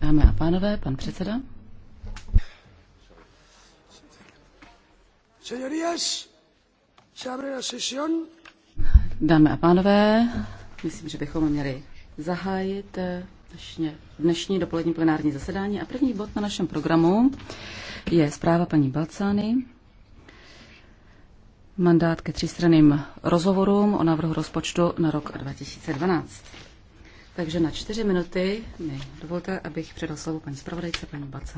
Dámy a pánové, pan předseda. Señorías, se abre la sesión. Dámy a pánové, myslím, že bychom měli zahájit eh, dnešní, dnešní dopolední plenární zasedání. A první bod na našem programu je zpráva paní Balcány. Mandát ke třístranným rozhovorům o návrhu rozpočtu na rok 2012. Takže na čtyři minuty mi dovolte, abych předal slovo paní zpravodajce, paní Bace.